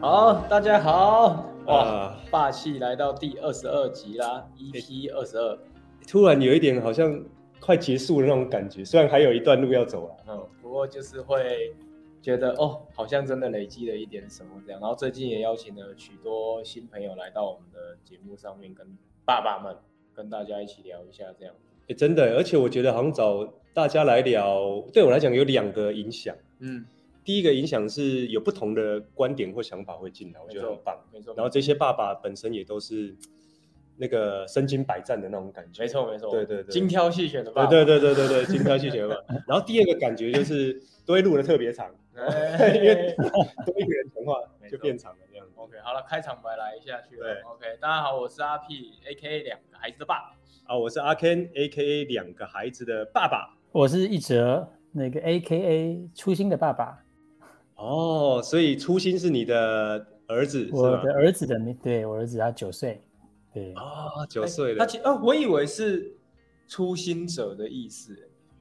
好，大家好，哇，啊、爸氣來到第二十二集啦，EP 二十二，突然有一點好像快結束的那種感覺，雖然還有一段路要走啊，嗯，不過就是會覺得哦，好像真的累積了一點什麼這樣。然後最近也邀請了許多新朋友來到我們的節目上面，跟爸爸們跟大家一起聊一下這樣、欸。真的，而且我覺得好像找大家來聊，對我來講有兩個影響，嗯。第一個影響是有不同的觀點或想法會進來，我覺得很棒。沒錯錯，然後這些爸爸本身也都是那個身經百戰的那種感覺。沒錯，沒錯。對對對，精挑細選的爸爸。對對對對對，精挑細選的爸爸。 然後第二個感覺就是都會錄的特別長， 因為多一個人談話就變長了，這樣錯 OK，好了，開場白來一下去，去對。OK，大家好，我是阿 P A K A 兩個孩子的爸。啊，我是阿 Ken A K A 兩個孩子的爸爸。我是一折，那個 A K A 初心的爸爸。哦，所以初心是你的兒子。我的兒子的名，對，我兒子他九歲。對，哦九歲了，他其實。我以為是初心者的意思，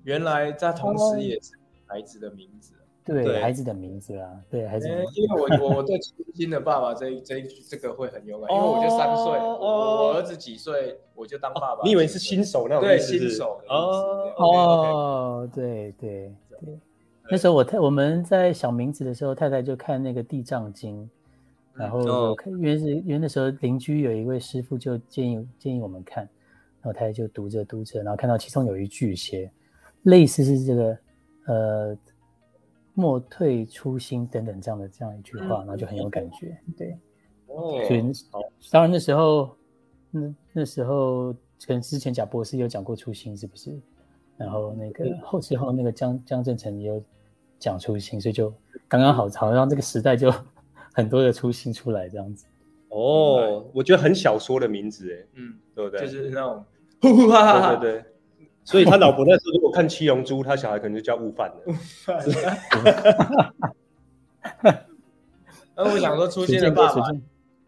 原來他同時也是孩子的名字，對，孩子的名字啊，對孩子，因為我我對初心的爸爸這這這個會很有感，因為我就三歲，我兒子幾歲我就當爸爸，你以為是新手那種對新手哦哦對對。那時候我太我們在想名字的時候，太太就看那個《地藏經》，然後因為，是因為那時候鄰居有一位師傅就建議建議我們看，然後太太就讀着讀着，然後看到其中有一句寫類似是這個呃莫退初心等等這樣的這樣一句話，然後就很有感覺，對，所以當然那時候那、嗯、那時候跟之前賈博士有講過初心是不是？然後那個後之後那個江江振成也有，講初心，所以就剛剛好，好像這個時代就很多的初心出來這樣子。哦，我覺得很小說的名字哎，嗯，對不對？就是那種呼呼哈哈，對對。所以他老婆那時候如果看七龍珠，他小孩可能就叫悟飯了。悟飯，那我想說，初心的爸爸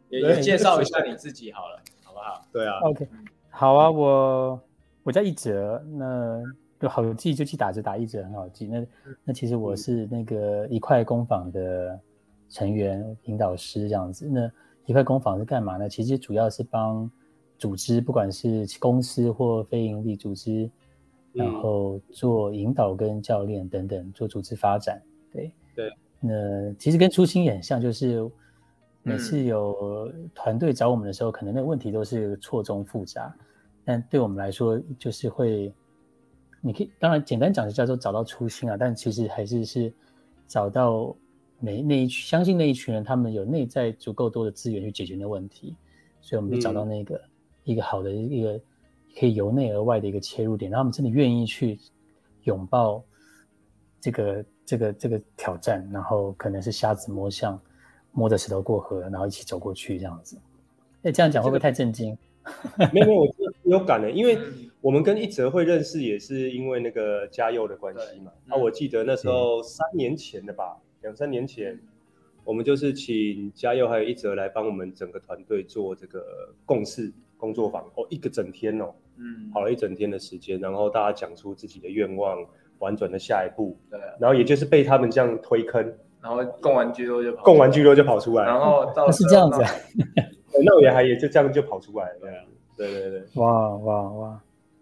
也介紹一下你自己好了，好不好？對啊，OK，好啊，我我叫一折，那。就好記，就去打折打一折很好記。那那其實我是那個一塊工坊的成員、嗯、引導師這樣子。那一塊工坊是幹嘛呢？其實主要是幫組織，不管是公司或非營利組織，然後做引導跟教練等等，做組織發展。對對。那其實跟初心也很像，就是每次有團隊找我們的時候，可能那個問題都是錯綜複雜，但對我們來說就是會。你可以當然簡單講就叫做找到初心啊，但其實還是是找到那那一群，相信那一群人，他們有內在足夠多的資源去解決那問題，所以我們就找到那個、嗯、一個好的一個可以由內而外的一個切入點，讓他們真的願意去擁抱這個這個這個挑戰，然後可能是瞎子摸象，摸着石頭過河，然後一起走過去這樣子。那這樣講會不會太震驚？這個、沒有沒有，我有感的，因為。我們跟一折會認識也是因為那個嘉佑的關係嘛。那我記得那時候三年前的吧，兩三年前，我們就是請嘉佑還有一折來幫我們整個團隊做這個共事工作坊哦，一個整天哦，嗯，跑了一整天的時間，然後大家講出自己的願望，玩轉的下一步。對。然後也就是被他們這樣推坑，然後共完之肉就共完之肉就跑出來，然後是這樣子。那我也還也就這樣就跑出來了。對對對，哇哇哇。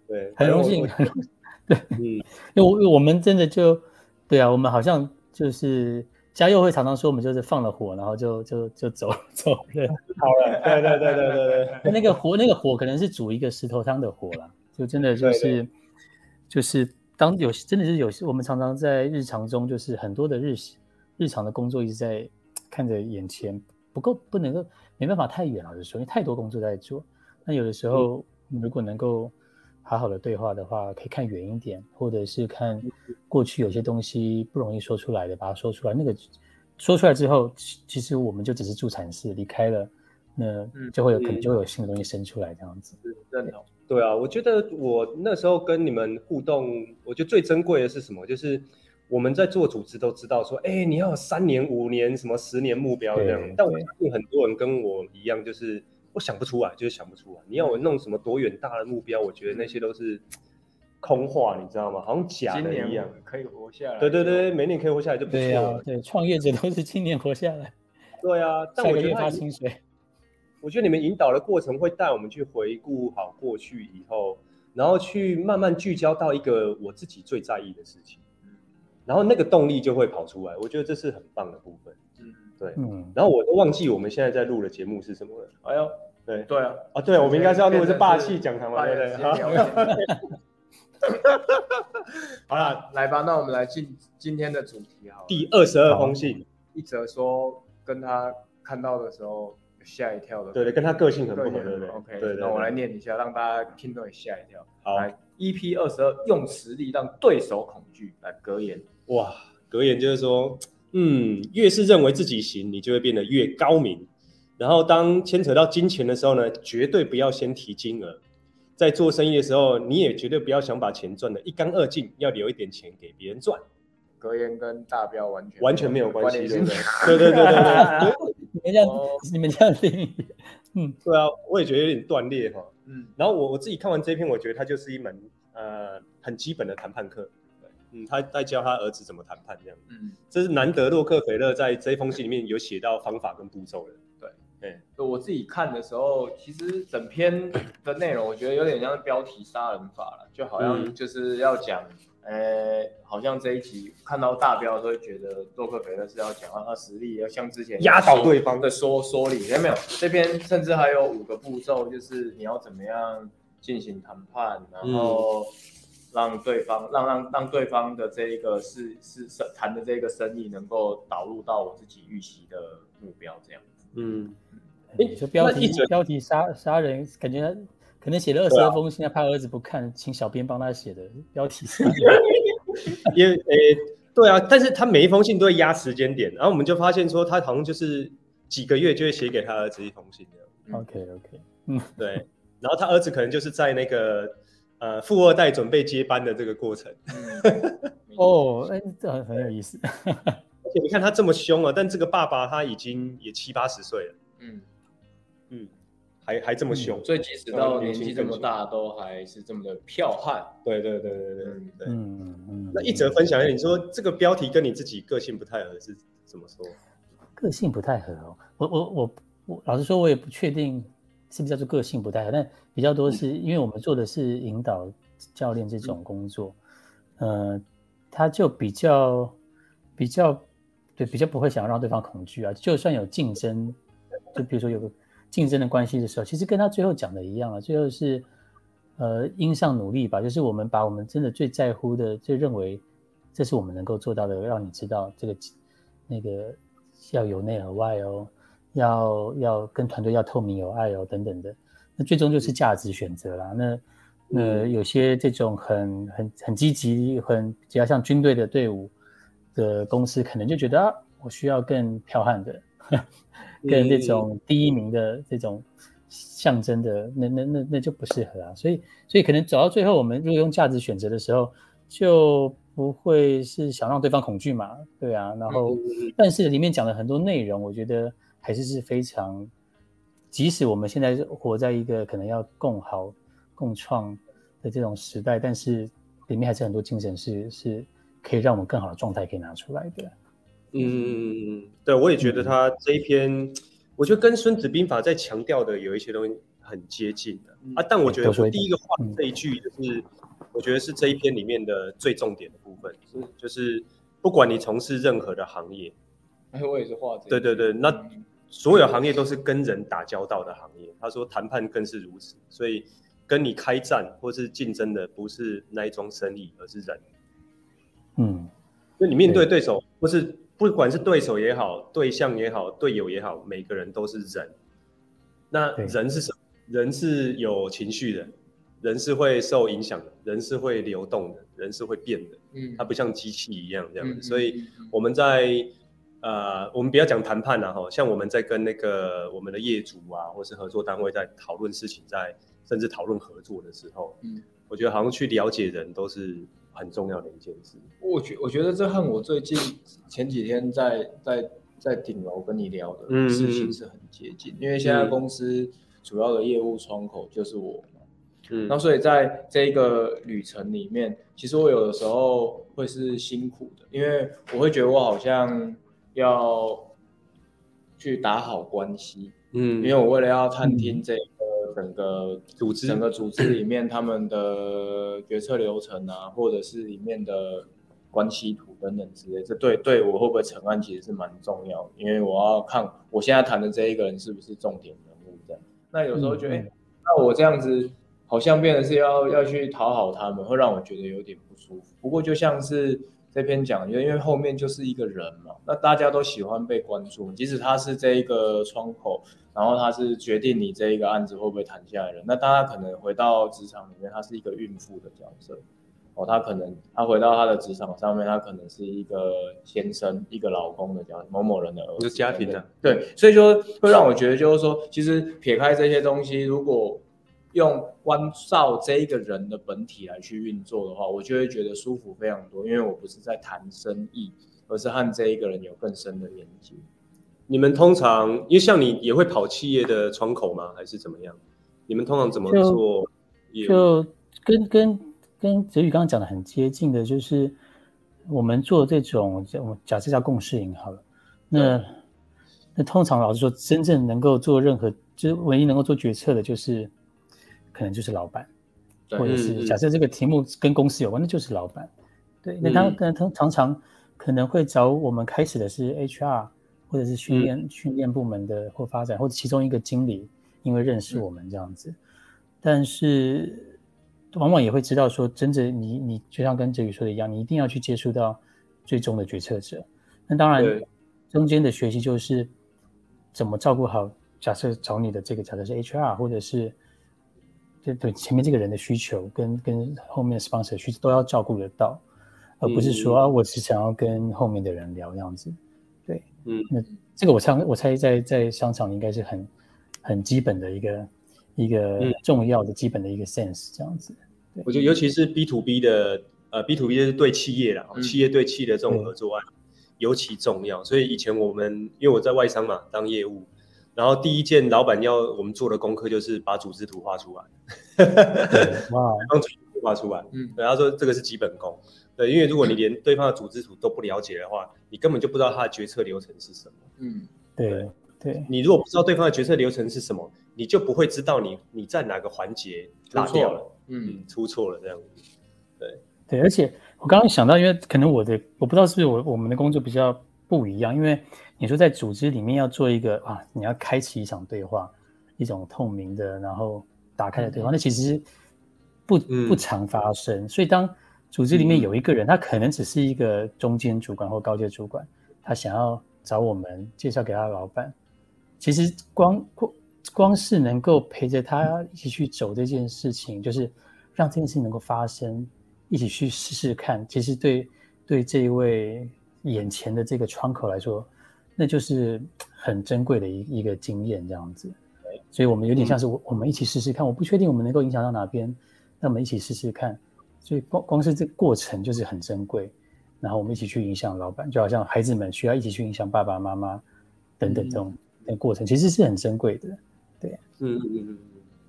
對，很榮幸，很榮幸。對，因為我我們真的就，對啊，我們好像就是嘉佑會常常說，我們就是放了火，然後就就就走走了，對好了。對對對對對對， 那個火那個火可能是煮一個石頭湯的火了，就真的就是對對就是當有真的是有些，我們常常在日常中就是很多的日日常的工作一直在看着眼前不夠不能夠沒辦法太遠了，啊，就是，說因為太多工作在做，那有的時候、嗯、如果能夠。好好的對話的話，可以看遠一點，或者是看過去有些東西不容易說出來的，把它說出來。那個說出來之後，其、其實我們就只是助產士離開了，那就會有、嗯、可能就會有新的東西生出來，這樣子。是對，對啊，我覺得我那時候跟你們互動，我覺得最珍貴的是什麼？就是我們在做組織都知道說，哎，你要有三年、五年、什麼十年目標這樣。但我相信很多人跟我一樣，就是。我想不出來，就是想不出來。你要我弄什麼多遠大的目標？嗯、我覺得那些都是空話，嗯、你知道嗎？好像假的一樣。今年可以活下來。對對對，每年可以活下來就不錯。對啊。對，創業者都是今年活下來。對啊。但我覺得，發薪水。我覺得你們引導的過程會帶我們去回顧好過去以後，然後去慢慢聚焦到一個我自己最在意的事情，嗯、然後那個動力就會跑出來。我覺得這是很棒的部分。嗯，對。嗯，然後我都忘記我們現在在錄的節目是什麼了。哎呦。對對啊，啊對，我們應該是要錄是霸氣講堂吧？對對好啦，來吧，那我們來進今天的主題，好。第二十二封信，一折說跟他看到的時候嚇一跳的，對對，跟他個性很不合對對。OK，那我來念一下，讓大家聽到也嚇一跳。好，來，EP22，用實力讓對手恐懼，來格言。哇，格言就是說，嗯，越是認為自己行，你就會變得越高明。然後當牽扯到金錢的時候呢，絕對不要先提金額。在做生意的時候，你也絕對不要想把錢賺得一乾二淨，要留一點錢給別人賺。格言跟大標完全完全沒有關係，關係對不對？ 對對對對，對，對你們這樣，哦、你們這樣子，嗯，對啊，我也覺得有點斷裂哈。嗯，然後我我自己看完這篇，我覺得它就是一門呃很基本的談判課。嗯，他在教他兒子怎麼談判這樣。嗯，這是難得洛克菲勒在這封信裡面有寫到方法跟步驟的。對，對，我自己看的時候，其實整篇的內容，我覺得有點像標題殺人法了，就好像就是要講，哎、嗯、好像這一集看到大標的時候，覺得洛克菲勒是要講啊，他實力要像之前壓倒對方的說說理，看到沒有？這邊甚至還有五個步驟，就是你要怎麼樣進行談判，然後讓對方讓讓讓對方的這一個是是談的這個生意能夠導入到我自己預期的目標這樣，嗯。欸、標題標題殺殺人，感覺他可能寫了二十二封信，他、啊、怕兒子不看，請小編幫他寫的標題是， 也誒、欸、對啊，但是他每一封信都會壓時間點，然後我們就發現說他好像就是幾個月就會寫給他兒子一封信這樣。嗯、OK OK，嗯，對，然後他兒子可能就是在那個呃富二代準備接班的這個過程。 哦，哎、欸，這很很有意思， 而且你看他這麼兇啊，但這個爸爸他已經也七八十歲了，嗯。嗯，還還這麼凶，所以即使到年紀這麼大，都還是這麼的彪悍。對對對對對對。嗯，對，嗯，那一折分享一下你說、嗯、這個標題跟你自己個性不太合，是怎麼說？個性不太合哦。我我我我，我我老實說，我也不確定是不是叫做個性不太合，但比較多是因為我們做的是引導教練這種工作，嗯嗯呃、他就比較比較對，比較不會想要讓對方恐懼啊。就算有競爭，就比如說有個。嗯競爭的關係的時候，其實跟他最後講的一樣啊，最後是，呃，因上努力吧，就是我們把我們真的最在乎的，最認為這是我們能夠做到的，讓你知道這個，那個要由內而外哦，要要跟團隊要透明有愛哦等等的，那最終就是價值選擇啦。嗯、那那、呃、有些這種很很很積極，很比較像軍隊的隊伍的公司，可能就覺得啊，我需要更剽悍的。 跟那種第一名的這種象徵的，那那那那就不適合啊。所以，所以可能走到最後，我們如果用價值選擇的時候，就不會是想讓對方恐懼嘛？對啊。然後，但是裡面講的很多內容，我覺得還是是非常。即使我們現在是活在一個可能要共好、共創的這種時代，但是裡面還是很多精神是是可以讓我們更好的狀態可以拿出來的。嗯嗯嗯嗯，對，我也覺得他這一篇，嗯、我覺得跟《孫子兵法》在強調的有一些東西很接近的、嗯、啊。但我覺得第一個畫這一句就是，我覺得是這一篇裡面的最重點的部分，是，嗯、就是不管你從事任何的行業，哎，欸，我也是畫這一。對對對，那所有行業都是跟人打交道的行業。他說，談判更是如此，所以跟你開戰或是競爭的不是那一樁生意，而是人。嗯，那你面對對手不，嗯、是。不管是對手也好，對象也好，隊友也好，每個人都是人。那人是什麼？對。人是有情緒的，人是會受影響的，人是會流動的，人是會變的。嗯，它不像機器一樣這樣。嗯嗯嗯、所以我們在啊、呃，我們不要講談判了、啊、哈，像我們在跟那個我們的業主啊，或是合作單位在討論事情，在甚至討論合作的時候，嗯、我覺得好像去了解人都是。很重要的一件事，我覺我覺得這和我最近前幾天在在在頂樓跟你聊的事情是很接近，嗯嗯因為現在公司主要的業務窗口就是我嘛，嗯，那所以在這一個旅程裡面，其實我有的時候會是辛苦的，因為我會覺得我好像要去打好關係，嗯，因為我為了要探聽這。整個組織，整個組織裡面他們的決策流程啊，或者是裡面的關係圖等等之類的，這對對我會不會成案其實是蠻重要的，因為我要看我現在談的這一個人是不是重點人物這樣。那有時候覺得、嗯哎，那我這樣子好像變得是要、嗯、要去討好他們，會讓我覺得有點不舒服。不過就像是。這篇講，因為因為後面就是一個人嘛，那大家都喜歡被關注，即使他是這一個窗口，然後他是決定你這一個案子會不會談下來的人，那大家可能回到職場裡面，他是一個孕婦的角色，哦，他可能他回到他的職場上面，他可能是一個先生，一個老公的角色，某某人的兒子是家庭的，對，對，對，所以說會讓我覺得就是說，其實撇開這些東西，如果用關照這一個人的本體來去運作的話，我就會覺得舒服非常多。因為我不是在談生意，而是和這一個人有更深的連接。你們通常因為像你也會跑企業的窗口嗎？還是怎麼樣？你們通常怎麼做就？就跟跟跟澤宇剛剛講的很接近的，就是我們做這種，我假設叫共識營好了。那、嗯、那通常老實說，真正能夠做任何，就是、唯一能夠做決策的，就是。可能就是老闆，或者是假設這個題目跟公司有關，對那就是老闆。對，那、嗯、他可能他常常可能會找我們開始的是 HR 或者是訓練、嗯、訓練部門的或發展或者其中一個經理，因為認識我們這樣子。嗯、但是往往也會知道說，真的你你就像跟哲宇說的一樣，你一定要去接觸到最終的決策者。那當然對中間的學習就是怎麼照顧好假設找你的這個，假設是 HR 或者是。對前面這個人的需求跟跟後面 sponsor 的 sp 需求都要照顧得到，而不是說、嗯、啊，我只想要跟後面的人聊這樣子。對，嗯，那這個我猜我猜在在商場應該是很很基本的一個一個重要的、嗯、基本的一個 sense 這樣子。我覺得尤其是 B to B 的，呃，B to B 就是對企業啦，嗯、企業對企業的這種合作案、嗯、尤其重要。所以以前我們因為我在外商嘛當業務。然後第一件老闆要我們做的功課就是把組織圖畫出來，哇。把組織圖畫出來。嗯，然後說這個是基本功。對，因為如果你連對方的組織圖都不了解的話，嗯，你根本就不知道他的決策流程是什麼。嗯，對對。對對，你如果不知道對方的決策流程是什麼，你就不會知道你你在哪個環節拉掉了，嗯，出錯了這樣子。對對，而且我剛剛想到，因為可能我的我不知道是不是我我們的工作比較。不一樣，因為你說在組織裡面要做一個啊，你要開啟一場對話，一種透明的，然後打開的對話，那其實不不常發生。所以當組織裡面有一個人，他可能只是一個中間主管或高階主管，他想要找我們介紹給他的老板，其實光光光是能夠陪着他一起去走這件事情，就是讓這件事情能夠發生，一起去試試看，其實對對這一位。眼前的這個窗口來說，那就是很珍貴的一一個經驗這樣子對，所以我們有點像是我我們一起試試看，嗯、我不確定我們能夠影響到哪邊，那我們一起試試看。所以光光是這個過程就是很珍貴，嗯、然後我們一起去影響老闆，就好像孩子們需要一起去影響爸爸媽媽等等這種的過程，其實是很珍貴的。對，嗯嗯嗯，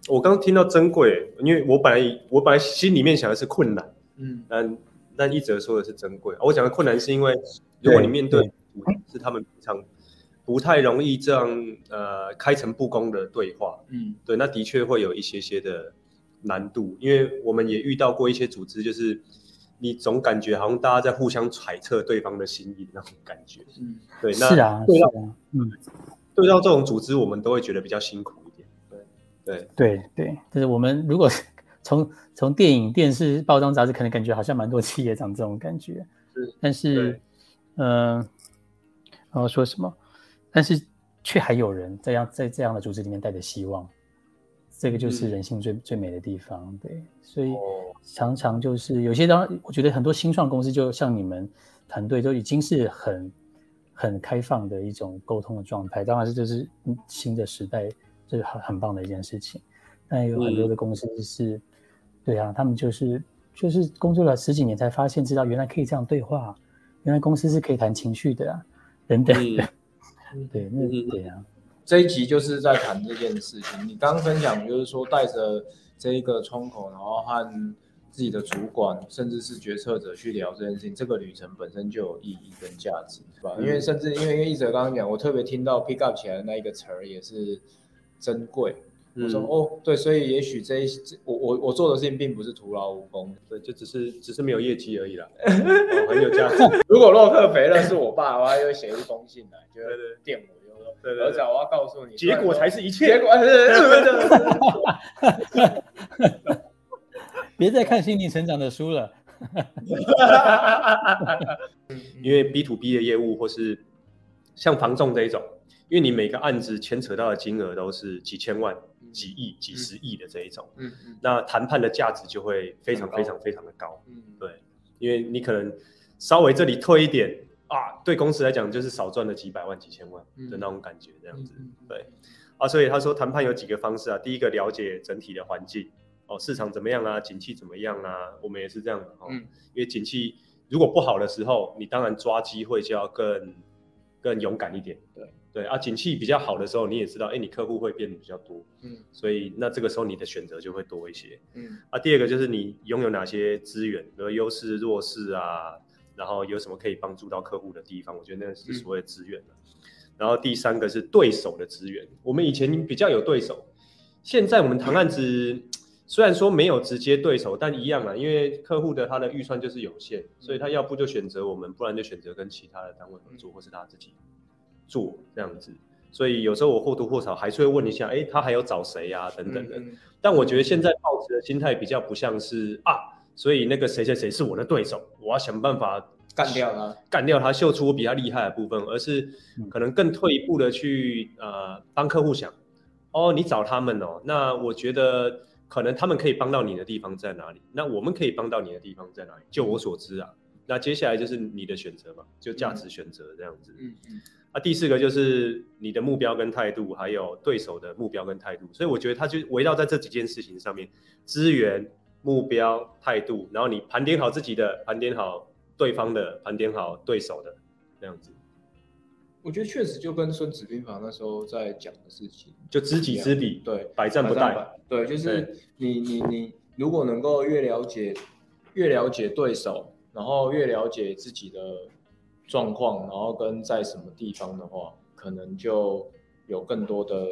我剛聽到珍貴，因為我本來我本來心裡面想的是困難，嗯。那一折說的是珍貴、哦。我講的困難是因為，如果你面對，對，對是他們平常不太容易這樣呃開誠布公的對話，嗯，對，那的確會有一些些的難度。因為我們也遇到過一些組織，就是你總感覺好像大家在互相揣測對方的心意的那種感覺，嗯，對，那對是啊，對啊，嗯，對，到這種組織，我們都會覺得比較辛苦一點，對，對，對，對，就是我們如果。 從從電影、電視、報章雜誌，可能感覺好像蠻多企業長這種感覺，是但是，嗯對、呃，然後說什麼？但是卻還有人在樣在這樣的組織裡面帶着希望，這個就是人性最、嗯、最美的地方，對，所以常常就是有些當我覺得很多新創公司，就像你們團隊都已經是很很開放的一種溝通的狀態，當然是就是新的時代，這是很很棒的一件事情。但有很多的公司、就是。嗯對啊，他們就是就是工作了十幾年才發現，知道原來可以這樣對話，原來公司是可以談情緒的、啊，等等的，嗯、 對，那是這樣。啊、這一集就是在談這件事情。你剛剛分享就是說，帶着這一個窗口，然後和自己的主管，甚至是決策者去聊這件事情，這個旅程本身就有意義跟價值，是吧？嗯、因為甚至因為一折剛剛講，我特別聽到 “pick up” 起來的那一個詞兒也是珍貴。我說、嗯、哦，對，所以也許這一我我我做的事情並不是徒勞無功，對，就只是只是沒有業績而已啦，對哦、很有價值。 如果洛克菲勒是我爸我還他會寫一封信來、啊，就是電我，就 對，對對，我要告訴你，結果才是一切。” 別再看心靈成長的書了， 因為 B to B 的業務或是像房仲這一種，因為你每個案子牽扯到的金額都是幾千萬。幾億、幾十億的這一種，嗯，嗯，嗯，那談判的價值就會非常非常非常的高，嗯嗯嗯、對，因為你可能稍微這裡退一點、嗯、啊，對公司來講就是少賺了幾百萬、幾千萬的、嗯、那種感覺，這樣子，嗯嗯、對，啊，所以他說談判有幾個方式啊，第一個了解整體的環境，哦，市場怎麼樣啊，景氣怎麼樣啊，我們也是這樣的，哦、嗯，因為景氣如果不好的時候，你當然抓機會就要更更勇敢一點，對。對啊，景氣比較好的時候，你也知道，哎，你客戶會變得比較多，嗯，所以那這個時候你的選擇就會多一些，嗯，啊，第二個就是你擁有哪些資源，比如優勢、弱勢啊，然後有什麼可以幫助到客戶的地方，我覺得那是所謂的資源了、啊。嗯、然後第三個是對手的資源，我們以前比較有對手，嗯、現在我們談案子、嗯、雖然說沒有直接對手，但一樣啊，因為客戶的他的預算就是有限，嗯、所以他要不就選擇我們，不然就選擇跟其他的單位合作，嗯、或是他自己。做這樣子，所以有時候我或多或少還是會問一下，誒、嗯欸，他還要找誰呀、啊？等等的。嗯、但我覺得現在抱持的心態比較不像是啊，所以那個誰誰誰是我的對手，我要想辦法幹掉他，幹掉他，秀出我比較厲害的部分，而是可能更退一步的去呃幫客戶想，哦，你找他們哦，那我覺得可能他們可以幫到你的地方在哪裡？那我們可以幫到你的地方在哪裡？就我所知啊。那接下來就是你的選擇嘛，就價值選擇這樣子。嗯嗯。那、嗯嗯啊、第四個就是你的目標跟態度，還有對手的目標跟態度。所以我覺得他就圍繞在這幾件事情上面：資源、目標、態度。然後你盤點好自己的，盤點好對方的，盤點好對手的這樣子。我覺得確實就跟孫子兵法那時候在講的事情，就知己知彼，對，百戰不殆。對，就是你你對你，你如果能夠越了解，越了解對手，然後越了解自己的狀況，然後跟在什麼地方的話，可能就有更多的、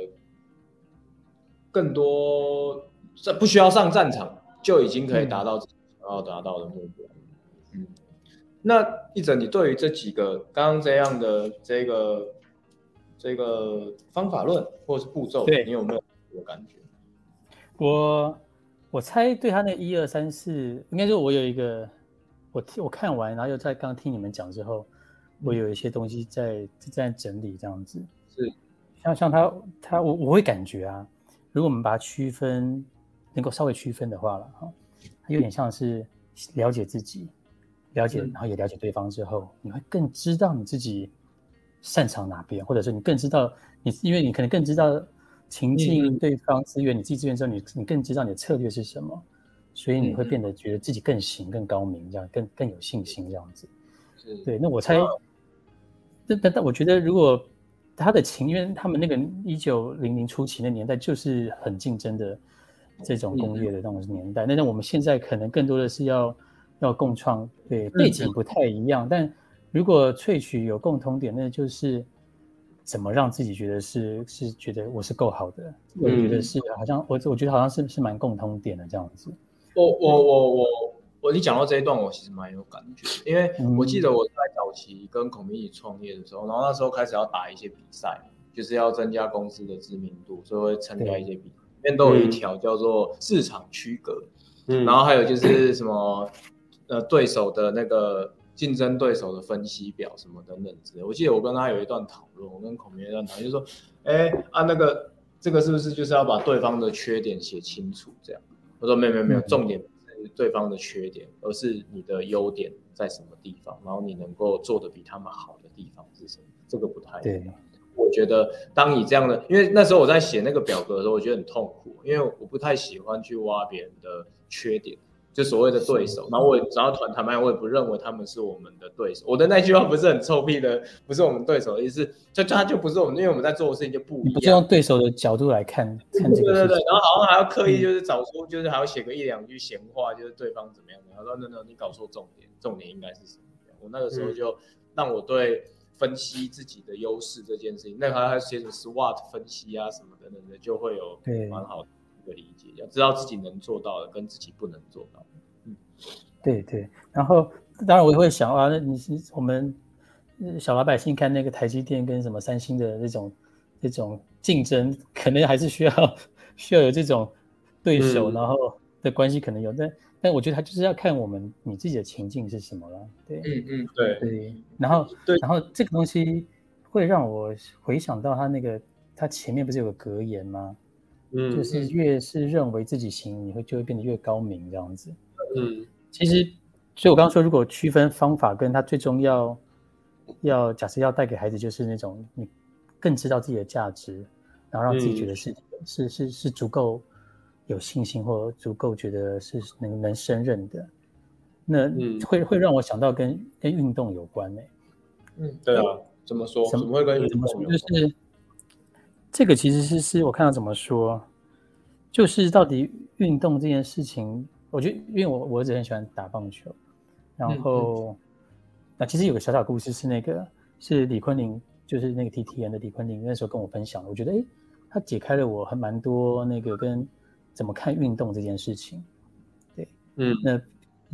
更多在不需要上戰場就已經可以達到想要、嗯、達到的目標。嗯，那一折，你對於這幾個剛剛這樣的這個這個方法論或者是步驟，對你有沒有感覺？我我猜對他那一二三四，應該說我有一個。我聽我看完，然後又在剛，剛聽你們講之後，我有一些東西在、嗯、在，在整理這樣子。是，像像他他我我會感覺啊，如果我們把它區分，能夠稍微區分的話了哈、哦，有點像是了解自己，了解是然後也了解對方之後，你會更知道你自己擅長哪邊，或者是你更知道你因為你可能更知道情境、對方、資源、嗯、你自己資源之後，你你更知道你的策略是什麼。所以你會變得覺得自己更行、嗯、更高明，這樣更更有信心，這樣子。是對，那我猜，嗯、但但但我覺得，如果他的情願，他們那個一九零零初期那年代就是很競爭的這種工業的那種年代，的那那我們現在可能更多的是要、嗯、要共創，對，背景不太一樣。但如果萃取有共同點，那就是怎麼讓自己覺得是是覺得我是夠好的，嗯、我也覺得是好像我我覺得好像是是蠻共通點的這樣子。我我我我我，你講到這一段，我其實蠻有感覺，因為我記得我在早期跟孔明一起創業的時候，然後那時候開始要打一些比賽，就是要增加公司的知名度，所以會參加一些比賽。裡面、嗯、都有一條叫做市場區隔，嗯、然後還有就是什麼呃對手的那個競爭對手的分析表什麼等等之類。我記得我跟他有一段討論，我跟孔明一段討論，就是說，哎啊那個這個是不是就是要把對方的缺點寫清楚這樣？我說沒有沒有沒有，重點不是對方的缺點，而是你的優點在什麼地方，然後你能夠做得比他們好的地方是什麼，這個不太一樣。對我覺得當你這樣的，因為那時候我在寫那個表格的時候，我覺得很痛苦，因為我不太喜歡去挖別人的缺點。就所謂的對手，然後我也只要團談判，我也不認為他們是我們的對手。我的那句話不是很臭屁的，不是我們對手的意思，就他就不是我們，因為我們在做的事情就不一樣。你不是用對手的角度來看看這個對對對。然後好像還要刻意就是找出，就是還要寫個一兩句閒話，就是對方怎麼樣的。然後說，no，你搞錯重點，重點應該是什麼？我那個時候就讓我對分析自己的優勢這件事情，那個、好像還要寫成 SWOT 分析啊什麼等等的，就會有蠻好的。的理解，要知道自己能做到的跟自己不能做到的。嗯，對對。然後當然我也會想啊，那你你我們小老百姓看那個台積電跟什麼三星的那種那種競爭，可能還是需要需要有這種對手，嗯、然後的關係可能有。但但我覺得他就是要看我們你自己的情境是什麼了。對，嗯嗯，對對。然後對，然後這個東西會讓我回想到他那個他前面不是有個格言嗎？嗯，就是越是認為自己行，你會就會變得越高明這樣子。嗯，其實，所以我剛剛說，如果區分方法跟他最重要，要假設要帶給孩子就是那種你更知道自己的價值，然後讓自己覺得是、嗯、是是是足夠有信心或足夠覺得是能能勝任的，那會、嗯、會讓我想到跟跟運動有關呢、欸。嗯，那對啊，怎麼說？怎麼會跟運動有關？就是。這個其實是是我看到怎麼說，就是到底運動這件事情，我覺得因為我我兒子很喜歡打棒球，然後那、嗯嗯啊、其實有個小小故事是，那個是李坤林，就是那個 T T N 的李坤林，那時候跟我分享我覺得哎，他解開了我還蠻多那個跟怎麼看運動這件事情，對，嗯，那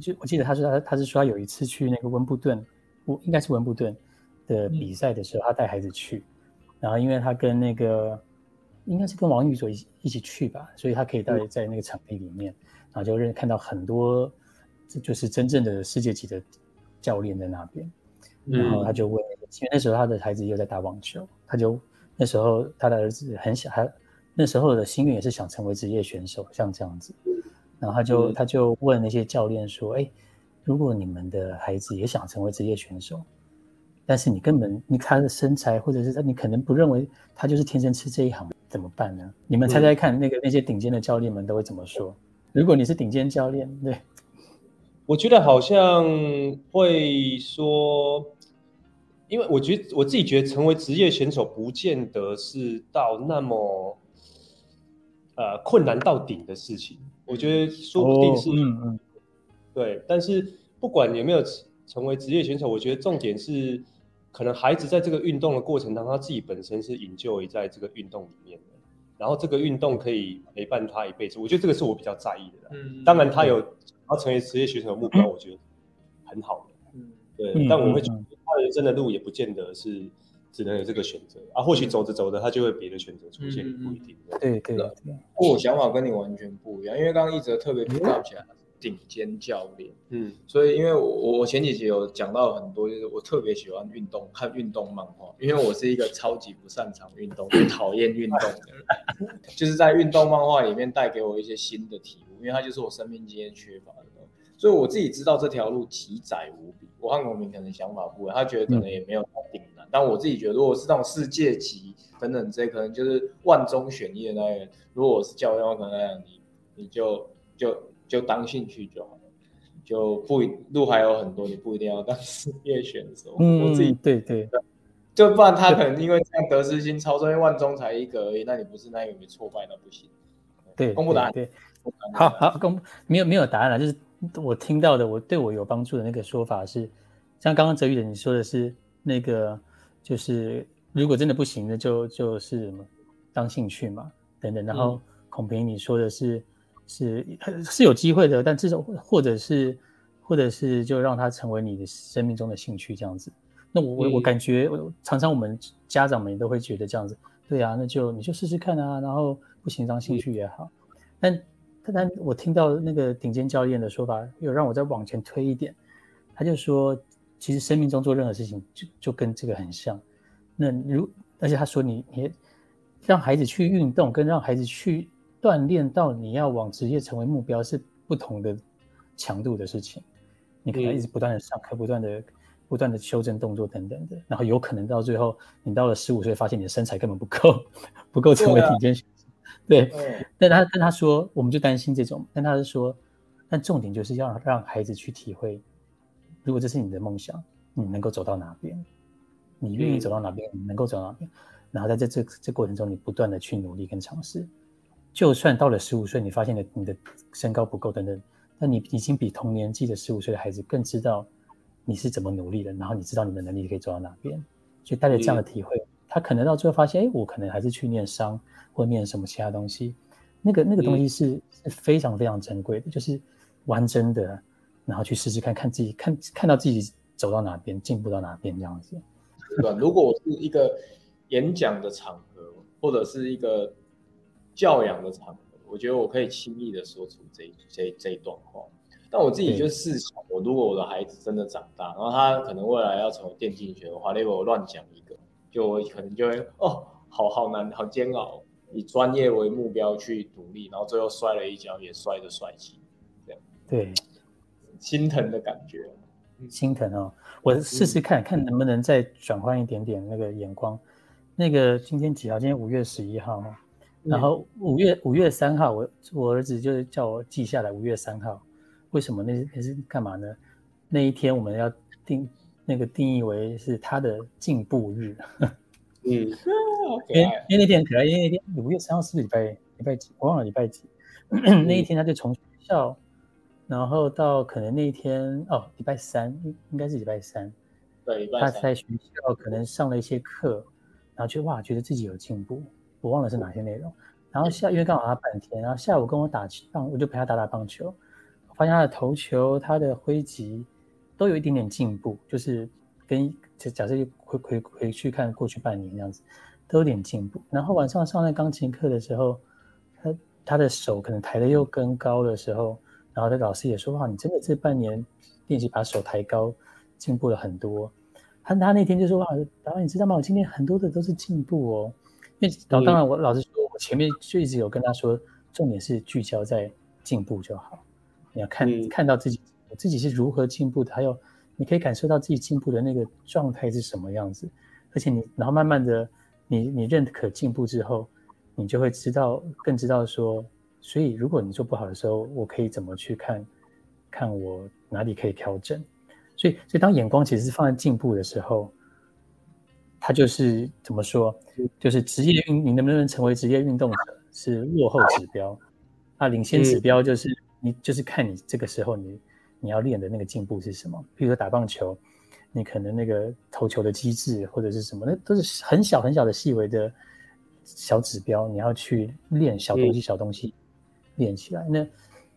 就我記得他說他他是說他有一次去那個溫布頓，我應該是溫布頓的比賽的時候，嗯、他帶孩子去。然後，因為他跟那個，應該是跟王宇佐一起一起去吧，所以他可以待在那個場地裡面，嗯、然後就認看到很多，這就是真正的世界級的教練在那邊。然後他就問，嗯、因為那時候他的孩子又在打網球，他就那時候他的兒子很小，還那時候的心願也是想成為職業選手，像這樣子。然後他就、嗯、他就問那些教練說：“哎，如果你們的孩子也想成為職業選手？”但是你根本你看他的身材，或者是你可能不認為他就是天生吃這一行，怎麼辦呢？你們猜猜看，那個、嗯、那些頂尖的教練們都會怎麼說？如果你是頂尖教練，對，我覺得好像會說，因為我覺得我自己覺得成為職業選手不見得是到那麼，呃，困難到頂的事情。我覺得說不定是，哦、嗯嗯，對。但是不管有沒有成為職業選手，我覺得重點是。可能孩子在這個運動的過程當中，他自己本身是享受在這個運動裡面的，然後這個運動可以陪伴他一輩子。我覺得這個是我比較在意的啦。嗯，當然他有要、嗯、成為職業選手的目標，我覺得很好的。嗯、對。嗯、但我會覺得他人生的路也不見得是只能有這個選擇、嗯、啊，或許走着走着他就會別的選擇出現，不一定、嗯，對。對對。對，我想法跟你完全不一樣，因為剛剛一折特別提到一下。嗯頂尖教練，嗯，所以因為我我前幾集有講到很多，就是我特別喜歡運動，看運動漫畫，因為我是一個超級不擅長運動、討厭運動的，就是在運動漫畫裡面帶給我一些新的體悟，因為它就是我生命經驗缺乏的東西，所以我自己知道這條路奇窄無比。我漢國民可能想法不一樣，他覺得可能也沒有太頂難，嗯、但我自己覺得，如果是那種世界級等等這些，可能就是萬中選一的那樣。如果我是教練，可能那樣，你你就就。就當興趣就好了，就不，路還有很多，你不一定要當事業選手。嗯，我自己對，對對，就不然他可能因為這樣得失心對對對對超重，萬中才一格而已，對對對對那你不是那有沒挫敗那不行。對，對對對公布答案對，對，對，案好好公沒有沒有答案了，就是我聽到的，我對我有幫助的那個說法是，像剛剛澤宇的你說的是那個，就是如果真的不行的就，就就是什麼當興趣嘛等等，然後孔平你說的是。嗯是是是有機會的，但至少，或者是，或者是就讓它成為你的生命中的興趣這樣子。那我、嗯、我我感覺常常我們家長們也都會覺得這樣子，對啊，那就你就試試看啊，然後不行當興趣也好。嗯、但但我聽到那個頂尖教練的說法，又讓我再往前推一點。他就說，其實生命中做任何事情就就跟這個很像。那如而且他說你你讓孩子去運動，跟讓孩子去。鍛鍊到你要往職業成為目標是不同的強度的事情，你可以一直不斷的上課，不斷的不斷的修正動作等等的，然後有可能到最後，你到了十五歲發現你的身材根本不夠，不夠成為頂尖選手。對，對啊、但他但他說，我們就擔心這種，但他是說，但重點就是要讓孩子去體會，如果這是你的夢想，你能夠走到哪邊，你願意走到哪邊，你能夠走到哪邊，然後在這這這過程中，你不斷的去努力跟嘗試。就算到了十五歲，你發現你的身高不夠等等，但你已經比同年紀的十五歲的孩子更知道你是怎麼努力的，然後你知道你的能力可以走到哪邊，所以帶着這樣的體會，他可能到最後發現，哎、欸，我可能還是去念商或念什麼其他東西，那個那個東西是非常非常珍貴的，就是完整的，然後去試試看看自己，看看到自己走到哪邊，進步到哪邊這樣子，對吧？如果我是一個演講的場合，或者是一個。教養的場合，我覺得我可以輕易的說出這這一這一段話。但我自己就試想，對我如果我的孩子真的長大，然後他可能未來要從電競學的話，那我亂講一個，就我可能就會哦，好好難，好煎熬，以專業為目標去獨立，然後最後摔了一跤，也摔的帥氣，這樣對，心疼的感覺，心疼哦。我試試看看能不能再轉換一點點那個眼光。那個今天幾號？今天五月十一號。然後五月五月三號，我我兒子就是叫我記下來五月三號，為什麼那是那是幹嘛呢？那一天我們要定那個定義為是他的進步日，嗯，因為因為那天很可能因為那天五月三號是不是禮拜禮拜幾，我忘了禮拜幾。 那一天他就從學校，然後到可能那一天哦，禮拜三應應該是禮拜三，對，禮拜三他在學校可能上了一些課，然後就哇，覺得自己有進步。我忘了是哪些內容。然後下，因為剛好他半天，然後下午跟我打球，我就陪他打打棒球。我發現他的投球、他的揮擊都有一點點進步，就是跟假設回回回去看過去半年這樣子，都有點進步。然後晚上上那鋼琴課的時候，他他的手可能抬得又更高的時候，然後他老師也說：“哇，你真的這半年練習把手抬高，進步了很多。他”他他那天就說：“哇，導演你知道嗎？我今天很多的都是進步哦。”那、哦、當然，我老實說，對我前面就一直有跟他說，重點是聚焦在進步就好。你要看對看到自己，自己是如何進步的，還有你可以感受到自己進步的那個狀態是什麼樣子。而且你，然後慢慢的，你你認可進步之後，你就會知道，更知道說，所以如果你做不好的時候，我可以怎麼去看看我哪裡可以調整。所以所以當眼光其實是放在進步的時候。他就是怎麼說，就是職業運你能不能成為職業運動者是落後指標，啊，領先指標就是你就是看你這個時候你你要練的那個進步是什麼。比如說打棒球，你可能那個投球的機制或者是什麼，那都是很小很小的細微的小指標，你要去練小東西，小東西練起來。那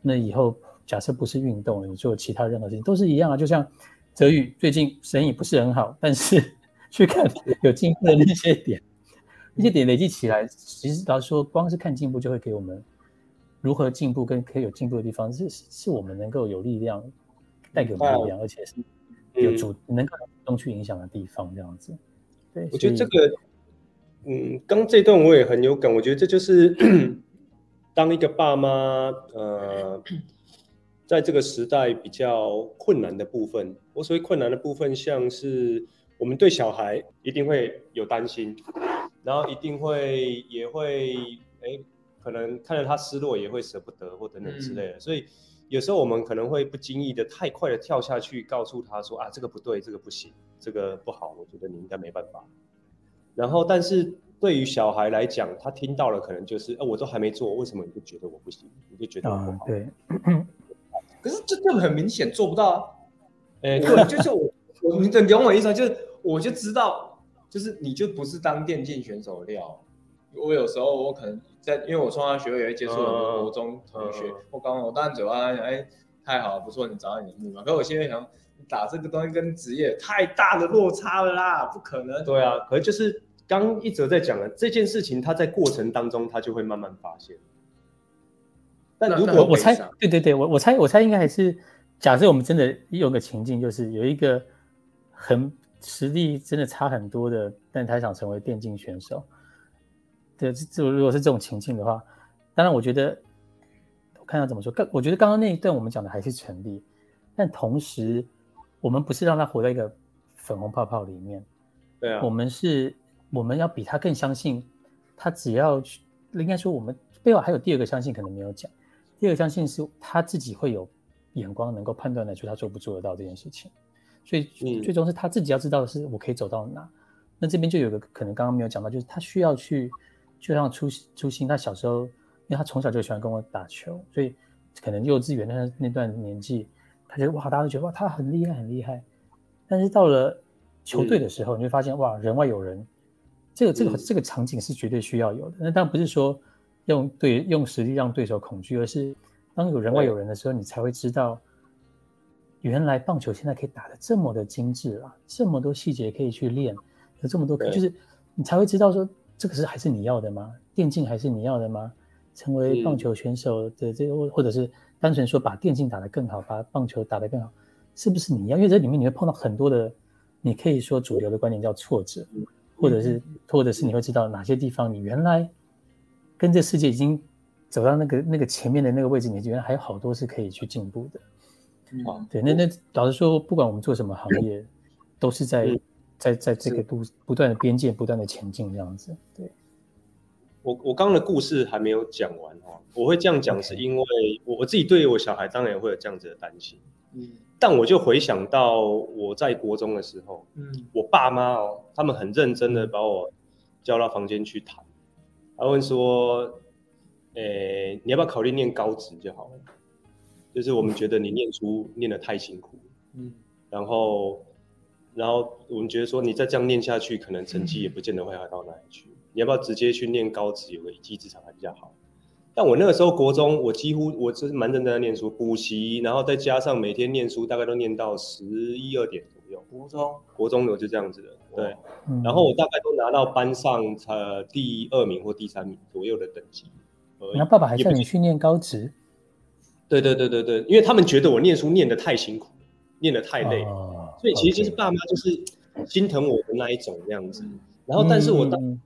那以後假設不是運動了，你做其他任何事情都是一樣啊。就像澤宇最近生意不是很好，但是。去看有進步的那些點， 那些點累積起來，其實老實說，光是看進步就會給我們如何進步跟可以有進步的地方，是是，我們能夠有力量帶給我們的力量，呦而且是有主，嗯、能夠主動去影響的地方，這樣子。對，我覺得這個，以嗯，剛這段我也很有感，我覺得這就是 當一個爸媽，呃， 在這個時代比較困難的部分，我所謂困難的部分，像是。我們對小孩一定會有擔心，然後一定會也會誒可能看着他失落，也會舍不得或者等等之類的。嗯、所以有時候我們可能會不經意的太快的跳下去，告訴他說啊，這個不對，這個不行，這個不好，我覺得你應該沒辦法。然後，但是對於小孩來講，他聽到了可能就是，誒，我都還沒做，為什麼你就覺得我不行？你就覺得我不好？嗯、對。 可是這就真的很明顯做不到啊。哎，對，就是我， 我你的兩個意思就是。我就知道，就是你就不是當電競選手的料。我有時候我可能在，因為我創校學會也會接觸很多國中、嗯、同學。我剛剛我當然嘴巴哎、欸，太好了，不錯，你找到你的目標。可是我現在想，打這個東西跟職業太大的落差了啦，不可能。對啊，嗯、可是就是剛剛一折在講的這件事情，他在過程當中他就會慢慢發現。但如果我猜，對對對，我我猜我猜應該還是假設我們真的有個情境，就是有一個很。實力真的差很多的，但他想成為電競選手。對，這如果是這種情境的話，當然我覺得，我看他怎麼說。更我覺得剛剛那一段我們講的還是成立，但同時我們不是讓他活在一個粉紅泡泡裡面。對啊，我們是我們要比他更相信他，只要應該說我們背後還有第二個相信，可能沒有講。第二個相信是他自己會有眼光，能夠判斷得出他做不做得到這件事情。所以最，最終是他自己要知道的是我可以走到哪。嗯、那這邊就有個可能剛剛沒有講到，就是他需要去，就像初初心，他小時候，因為他從小就喜歡跟我打球，所以可能幼稚園那那段年紀，他就哇，大家都覺得哇，他很厲害很厲害。但是到了球隊的時候，嗯、你就發現哇，人外有人。這個這個、嗯、這個場景是絕對需要有的。那但當然不是說用對用實力讓對手恐懼，而是當有人外有人的時候，嗯、你才會知道。原來棒球現在可以打得這麼的精致啊，這麼多細節可以去練，有這麼多，嗯、就是你才會知道說這個是還是你要的嗎？電競還是你要的嗎？成為棒球選手的這個、嗯，或者是單純說把電競打得更好，把棒球打得更好，是不是你要？因為這裡面你會碰到很多的，你可以說主流的觀點叫挫折，或者是、嗯嗯、或者是你會知道哪些地方你原來跟這世界已經走到那個那個前面的那個位置，你原來還有好多是可以去進步的。好，嗯、哇對，那那老實說，不管我們做什麼行業，嗯、都是在、嗯、在在這個度是，不斷的邊界不斷的前進這樣子。對，我我剛剛的故事還沒有講完哦，我會這樣講是因為我我自己對於我小孩當然也會有這樣子的擔心，嗯，但我就回想到我在國中的時候，嗯，我爸媽哦，他們很認真的把我叫到房間去談，他問說，哎、欸，你要不要考慮念高職就好了。嗯就是我們覺得你念書念得太辛苦，嗯、然後，然後我們覺得說你再這樣念下去，可能成績也不見得會好到哪裡去。嗯、你要不要直接去念高職，有個一技之長還比較好？但我那個時候國中，我幾乎我就是蠻認真在念書，補習，然後再加上每天念書，大概都念到十一二點左右。國中，國中我就這樣子的，哇對，嗯、然後我大概都拿到班上呃第二名或第三名左右的等級。那、呃、爸爸還叫你去念高職？對對對對對，因為他們覺得我念書念得太辛苦，念得太累了，啊、所以其實就是爸媽就是心疼我的那一種這樣子。嗯、然後，但是我當時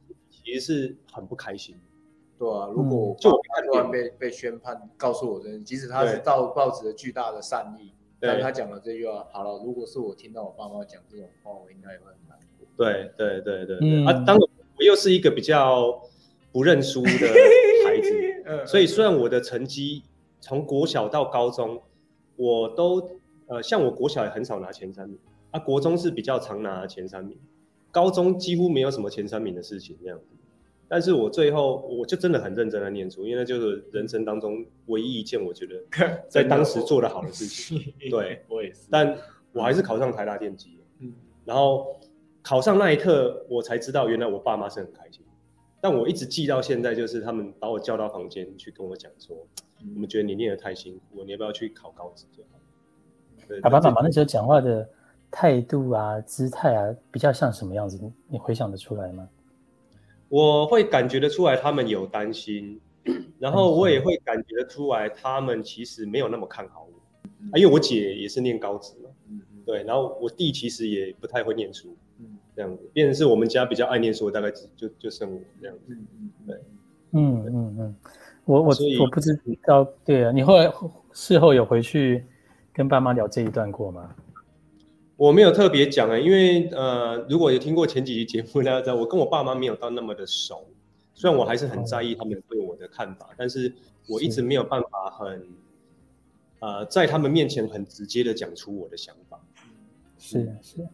其實是很不開心、嗯，對啊。如果就我判斷被被宣判告訴我的，即使他是報報紙的巨大的善意，對但他講了這句話、啊，好了，如果是我聽到我爸媽講這種話，我應該也會很難過。對。對對對對，嗯、啊，當我我又是一個比較不認輸的孩子， 所以雖然我的成績。從國小到高中，我都呃，像我國小也很少拿前三名，啊，國中是比較常拿前三名，高中幾乎沒有什麼前三名的事情這樣子。但是我最後我就真的很認真地念書，因為那就是人生當中唯一一件我覺得在當時做得好的事情。對， 我也是。但我還是考上台大電機，嗯，然後考上那一刻，我才知道原來我爸媽是很開心。但我一直記到現在，就是他們把我叫到房間去跟我講說。我們覺得你念得太辛苦，你要不要去考高職？對。啊、是爸爸媽媽那時候講話的態度啊、姿態啊，比較像什麼樣子？你你回想得出來嗎？我會感覺得出來，他們有擔心，然後我也會感覺得出來，他們其實沒有那麼看好我。嗯啊、因為我姐也是念高職嘛，嗯嗯。對，然後我弟其實也不太會念書，嗯，這樣子，變成是我們家比較愛念書，大概就就剩我這樣子。嗯、對，嗯嗯嗯。對嗯嗯我我我不知道，對啊，你後來事後有回去跟爸媽聊這一段過嗎？我沒有特別講啊、欸，因為呃，如果有聽過前幾集節目大家知道，我跟我爸媽沒有到那麼的熟，雖然我還是很在意他們對我的看法，哦、但是我一直沒有辦法很是呃在他們面前很直接的講出我的想法。是是、嗯，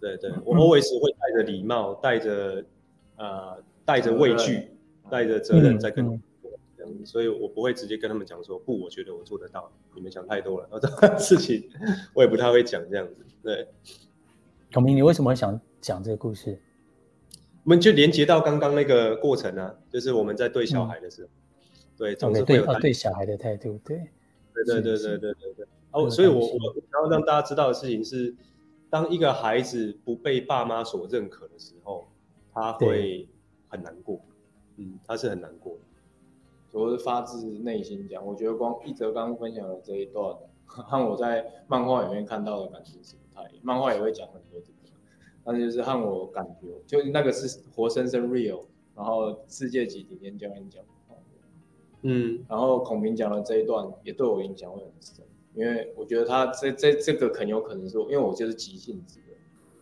對對，我 always 會帶着禮貌，帶着呃帶着畏懼，嗯、帶着責任在跟、嗯。嗯嗯、所以，我不會直接跟他們講說不，我覺得我做得到。你們想太多了，哦、這種事情我也不太會講這樣子。對，孔明，你為什麼想講這個故事？我們就連接到剛剛那個過程啊，就是我們在對小孩的時候，嗯、對總是會有對，對、哦、對小孩的態度，對，對對對對對對對，對，對哦，所以我我要讓大家知道的事情是，嗯、當一個孩子不被爸媽所認可的時候，他會很難過，對嗯，他是很難過的。我是發自內心講，我覺得光一折剛分享的這一段，和我在漫畫裡面看到的感覺是不太一樣。漫畫也會講很多東西，但是就是和我感覺，就那個是活生生 real，然後世界級頂尖教練講。嗯，然後孔明講的這一段也對我影響會很深，因為我覺得他這這這個很有可能是，因為我就是急性子的。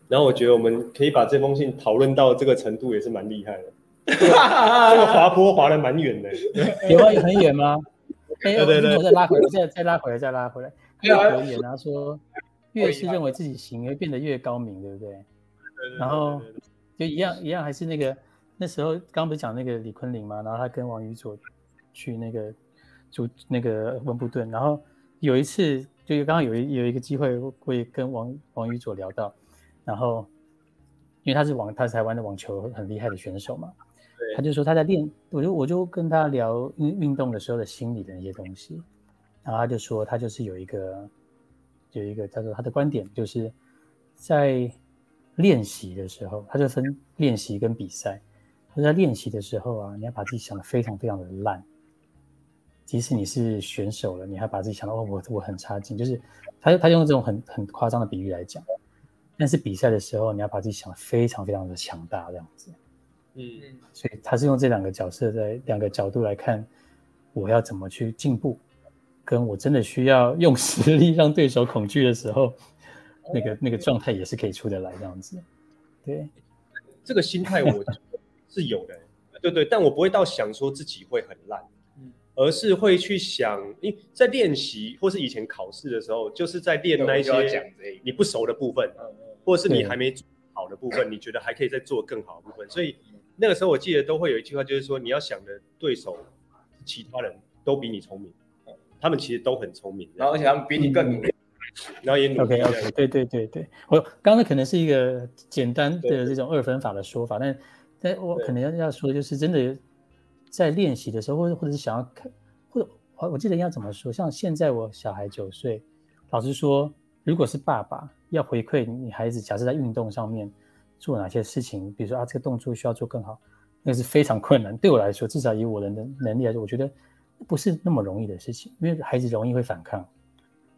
然後我覺得我們可以把這封信討論到這個程度也是蠻厲害的。 這個滑坡滑的蠻遠的，有啊，有很遠嗎？ 欸、對對對，再拉回來，現再，再拉回來，再拉回來，很有遠。然後說，越是認為自己行為，越變得越高明，對不對？然後就一樣一樣，還是那個那時候剛，剛不是講那個李坤林嘛？然後他跟王宇佐去那個就那個溫布頓，然後有一次就剛剛有一有一個機會會跟王王宇佐聊到，然後因為他是網他是台灣的網球很厲害的選手嘛。他就說他在練，我就我就跟他聊運運動的時候的心理的那些東西，然後他就說他就是有一個有一個叫做他的觀點，就是在練習的時候，他就分練習跟比賽。他在練習的時候啊，你要把自己想的非常非常的爛，即使你是選手了，你還把自己想到哦，我我很差勁。就是他他用這種很很誇張的比喻來講，但是比賽的時候，你要把自己想的非常非常的強大，這樣子。嗯，所以他是用這兩個角色在兩個角度，來看我要怎麼去進步，跟我真的需要用實力讓對手恐懼的時候，那個那個狀態也是可以出得來這樣子。對，這個心態我覺得是有的。 對，對對，但我不會到想說自己會很爛，嗯，而是會去想，因為在練習或是以前考試的時候，就是在練那一些你不熟的部分，嗯嗯、或是你還沒做好的部分，對你覺得還可以再做更好的部分，所以。那個時候我記得都會有一句話，就是說你要想的對手，其他人都比你聰明、嗯，他們其實都很聰明，然後而且他們比你更努力。嗯、然後也努力 OK OK，對對對對，我剛剛可能是一個簡單的這種二分法的說法，對對對對，但但我可能要要說的就是真的在練習的時候，或者或者是想要看，或者我我記得應該怎麼說？像現在我小孩九歲，老實說，如果是爸爸要回饋你孩子，假設在運動上面。做哪些事情？比如說啊，這個動作需要做更好，那是非常困難。對我來說，至少以我的能能力來說，我覺得不是那麼容易的事情，因為孩子容易會反抗，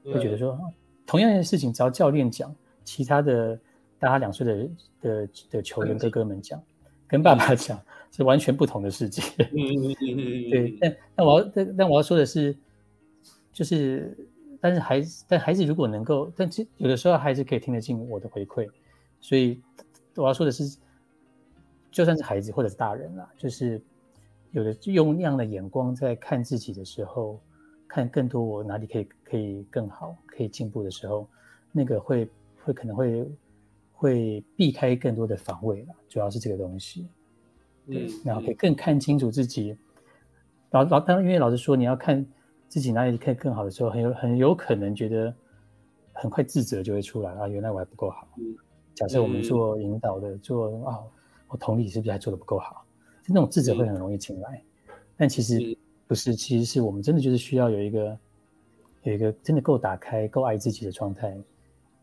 會對覺得說，同樣一件事情，只要教練講，其他的大他兩歲的的的球員哥哥們講，對跟爸爸講、嗯、是完全不同的世界。 對，但但我要但，但我要說的是，就是但是孩子但孩子如果能夠，但有的時候孩子可以聽得進我的回饋，所以。我要說的是，就算是孩子或者是大人啦，就是有的用那樣的眼光在看自己的時候，看更多我哪裡可以可以更好，可以進步的時候，那個會會可能會會避開更多的防衛了，主要是這個東西。對，然後可以更看清楚自己。老老、嗯，嗯、然後當然，因為老師說你要看自己哪裡可以更好的時候，很有很有可能覺得很快自責就會出來啊，原來我還不夠好。嗯假設我們做引導的，嗯、做啊、哦，我同理是不是還做得不夠好？就那種智者，會很容易進來，嗯、但其實不是，其實是我們真的就是需要有一個有一個真的夠打開、夠愛自己的狀態，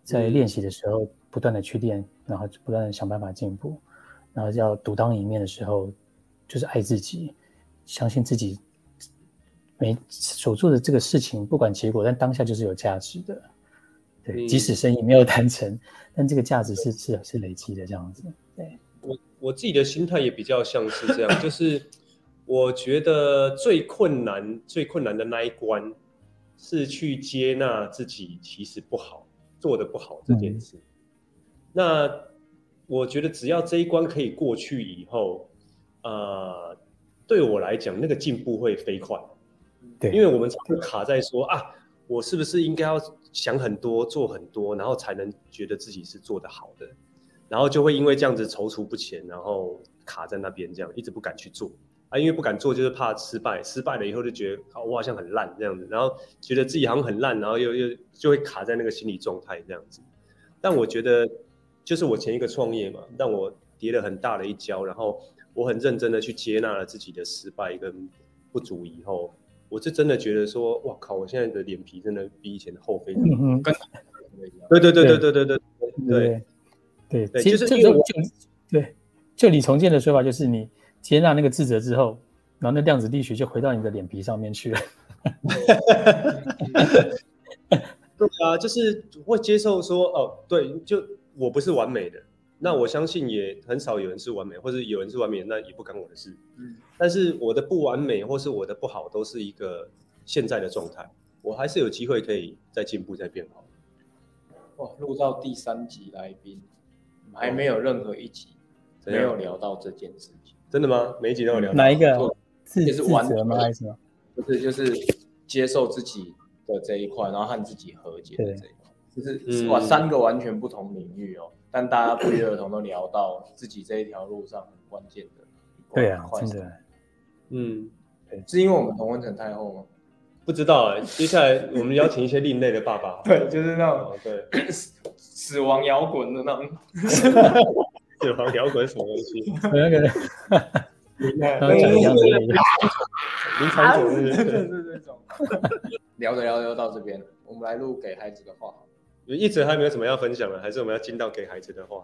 在練習的時候不斷的去練，然後不斷的想辦法進步，然後要獨當一面的時候，就是愛自己，相信自己沒，每所做的這個事情不管結果，但當下就是有價值的。即使生意沒有談成，嗯、但這個價值是對是是累積的，這樣子。對，我我自己的心態也比較像是這樣， 就是我覺得最困難、最困難的那一關是去接納自己其實不好做得不好這件事。嗯、那我覺得只要這一關可以過去以後，呃，對我來講，那個進步會飛快。對，因為我們常卡在說對啊，我是不是應該要？想很多，做很多，然後才能覺得自己是做得好的，然後就會因為這樣子躊躇不前，然後卡在那邊，這樣一直不敢去做啊，因為不敢做就是怕失敗，失敗了以後就覺得啊，我好像很爛這樣子，然後覺得自己好像很爛，然後又又就會卡在那個心理狀態這樣子。但我覺得，就是我前一個創業嘛，讓我跌了很大的一跤，然後我很認真的去接納了自己的失敗跟不足以後。我是真的覺得說，哇靠！我現在的臉皮真的比以前厚非常多。對對對對對對對對對對，其實就我就，就對，就李崇建的說法就是，你接納那個自責之後，然後那量子力學就回到你的臉皮上面去了。對 對。對啊，就是會接受說哦，對，就我不是完美的，那我相信也很少有人是完美，或者有人是完美，那也不干我的事。嗯。但是我的不完美或是我的不好，都是一個現在的狀態。我還是有機會可以再進步、再變好。哇，錄到第三集來賓，還沒有任何一集沒有聊到這件事情。啊、真的嗎？每集都有聊到、嗯。哪一個？是就自也是完全的？還是嗎？不、就是，就是接受自己的這一塊，然後和自己和解的這一塊。對就是哇、嗯，三個完全不同領域哦，但大家不約而同都聊到自己這一條路上很關鍵的。對啊，真的。嗯，是因為我們同溫層太厚嗎？不知道哎。接下來我們邀請一些另類的爸爸，對，就是那種對死亡搖滾的那種。死亡搖滾什麼東西？哈哈，明察左右，明察左右，是這種。聊着聊着又到這邊了，我們來錄給孩子的話。你一直還沒有什麼要分享的，還是我們要進到給孩子的話？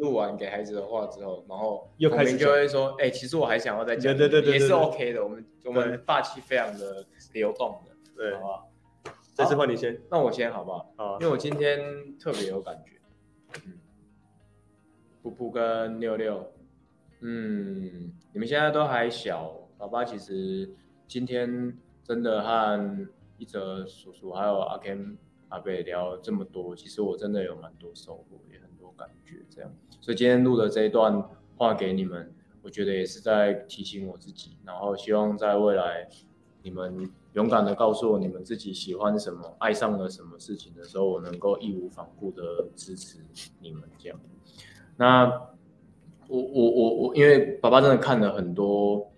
錄完給孩子的話之後，然後有可能就會說：“哎、欸，其實我還想要再講對對對，對，對，對也是 OK 的。我們對對對對我們霸氣非常的流動的，對，好不好？這次換你先、啊，那我先好不好？好啊，因為我今天特別有感覺。嗯，布布跟六六，嗯，你們現在都還小。爸爸其實今天真的和一折叔叔還有阿 Ken 阿貝聊了這麼多，其實我真的有蠻多收穫的。感覺這樣，所以今天錄的這一段話給你們，我覺得也是在提醒我自己。然後希望在未來，你們勇敢的告訴我你們自己喜歡什麼，愛上了什麼事情的時候，我能夠義無反顧的支持你們這樣。那我我我，因為爸爸真的看了很多